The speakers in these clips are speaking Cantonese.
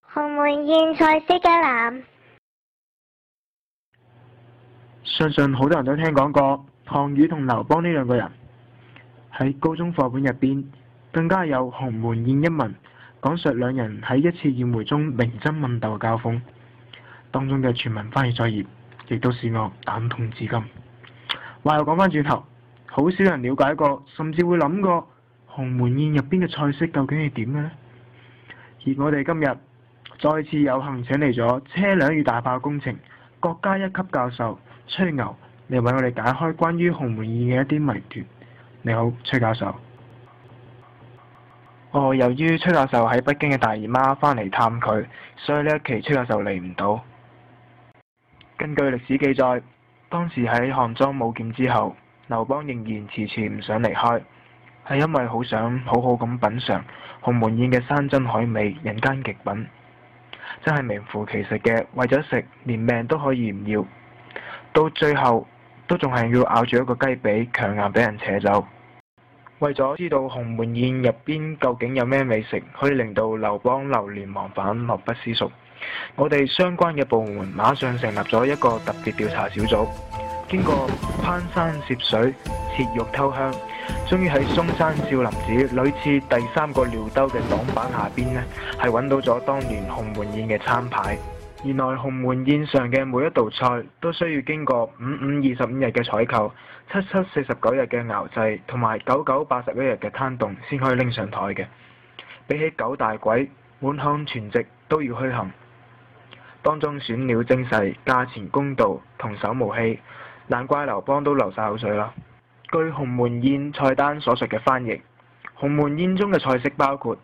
鴻門宴菜色嘅男，相信好多人都聽講過項羽同劉邦呢兩個人，喺高中課本入邊更加有《鴻門宴》一文，講述兩人喺一次宴會中明爭暗鬥嘅交鋒，當中嘅全文翻譯作業，亦都使我蛋痛至今。話又講返轉頭。好少人了解過，甚至會諗過鴻門宴入邊嘅菜式究竟係點嘅呢？而我哋今日再次有幸請嚟咗車輛與大炮工程國家一級教授崔牛嚟，為我哋解開關於鴻門宴嘅一啲謎團。你好，崔教授。哦，由於崔教授喺北京嘅大姨媽返嚟探佢，所以呢一期崔教授嚟唔到。根據歷史記載，當時喺漢莊武劍之後。劉邦仍然遲遲唔想離開，係因為好想好好咁品嚐鴻門宴嘅山珍海味、人間極品，真係名副其實嘅。為咗食，連命都可以唔要，到最後都仲係要咬住一個雞髀，強硬俾人扯走。為咗知道鴻門宴入邊究竟有咩美食，可以令到劉邦流連忘返、樂不思蜀，我哋相關嘅部門馬上成立咗一個特別調查小組。經過攀山涉水、切肉偷香，終於喺嵩山少林寺屢次第三個尿兜嘅擋板下邊咧，係揾到咗當年鴻門宴嘅餐牌。原來鴻門宴上嘅每一道菜都需要經過五五二十五日嘅採購、七七四十九日嘅熬製，同埋九九八十一日嘅攤凍，先可以拎上台嘅。比起九大鬼滿漢全席都要虛行，當中選料精細、價錢公道，童叟無欺。難怪劉邦都流晒口水啦！據《紅門宴》菜單所述嘅翻譯，《紅門宴》中嘅菜式包括。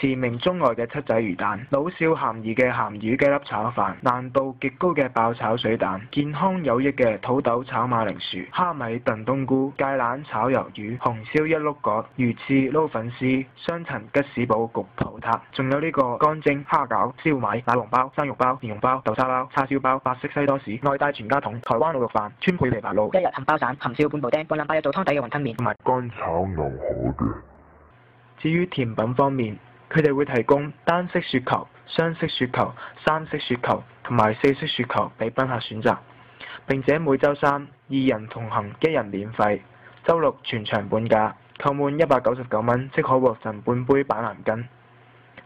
馳名中外嘅七仔魚蛋，老少咸宜嘅咸魚雞粒炒飯，難度極高嘅爆炒水蛋，健康有益嘅土豆炒馬鈴薯，蝦米燉冬菇，芥蘭炒魷魚，紅燒一碌角，魚翅撈粉絲，雙層吉士堡焗葡撻，仲有呢個乾蒸蝦餃，燒賣、奶黃包、生肉包、蓮蓉包、豆沙包、叉燒包、白色西多士，外帶全家桶、台灣卤肉飯、川貝枇杷露，一日三包散，含燒半部丁，半年包，一做湯底嘅雲吞麵，同埋乾炒牛河嘅。至於甜品方面。佢哋會提供單色雪球、雙色雪球、三色雪球同埋四色雪球俾賓客選擇，並且每週三二人同行一人免費，周六全場半價，購滿一百九十九蚊即可獲贈半杯板藍根，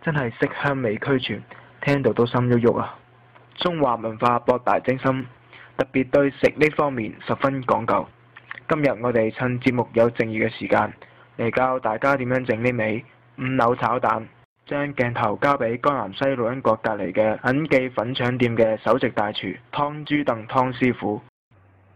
真係色香味俱全，聽到都心喐喐啊！中華文化博大精深，特別對食呢方面十分講究。今日我哋趁節目有淨餘嘅時間嚟教大家點樣整呢味五柳炒蛋。將鏡頭交俾江南西路恩國隔籬嘅肯記粉腸店嘅首席大廚湯珠鄧湯師傅，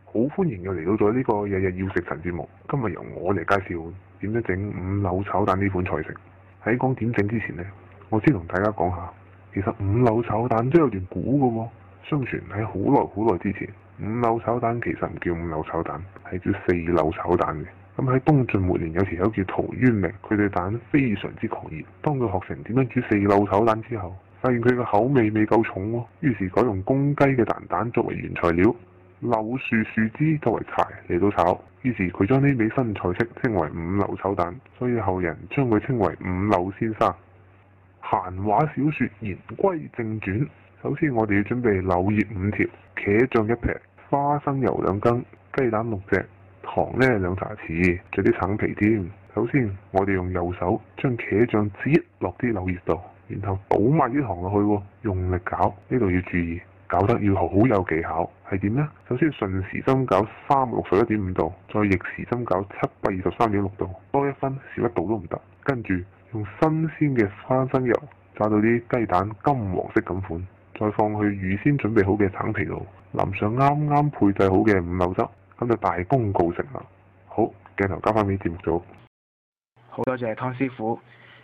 好歡迎又嚟到咗、這、呢個日日要食神節目，今日由我嚟介紹點樣整五柳炒蛋呢款菜式。喺講點整之前呢，我先同大家講下，其實五柳炒蛋都有段古嘅喎。相傳喺好耐好耐之前，五柳炒蛋其實唔叫五柳炒蛋，係叫四柳炒蛋嘅。咁喺東晉末年，有條友叫陶淵明，佢對蛋非常之狂熱。當佢學成點樣煮四柳炒蛋之後，發現佢個口味未夠重喎，於是改用公雞嘅蛋蛋作為原材料，柳樹樹枝作為柴嚟到炒。於是佢將呢味新菜式稱為五柳炒蛋，所以後人將佢稱為五柳先生。閒話少說，言歸正傳。首先，我哋要準備柳葉五條、茄醬一撇、花生油兩羹、雞蛋六隻。糖呢，兩茶匙，着啲橙皮添。首先，我哋用右手將茄醬擠落啲柳葉度，然後倒埋啲糖落去喎，用力攪。呢度要注意，攪得要好有技巧，係點呢？首先順時針攪三六十一點五度，再逆時針攪七百二十三點六度，多一分少一度都唔得。跟住用新鮮嘅花生油炸到啲雞蛋金黃色咁款，再放去預先準備好嘅橙皮度，淋上啱啱配製好嘅五柳汁。咁就大功告成啦！好，鏡頭交翻俾節目組。好多謝湯師傅。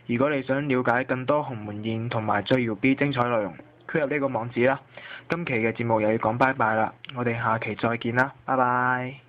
如果你想了解更多《鴻門宴》同埋《最耀 B》精彩內容，加入呢個網址啦。今期嘅節目又要講拜拜啦，我哋下期再見啦，拜拜。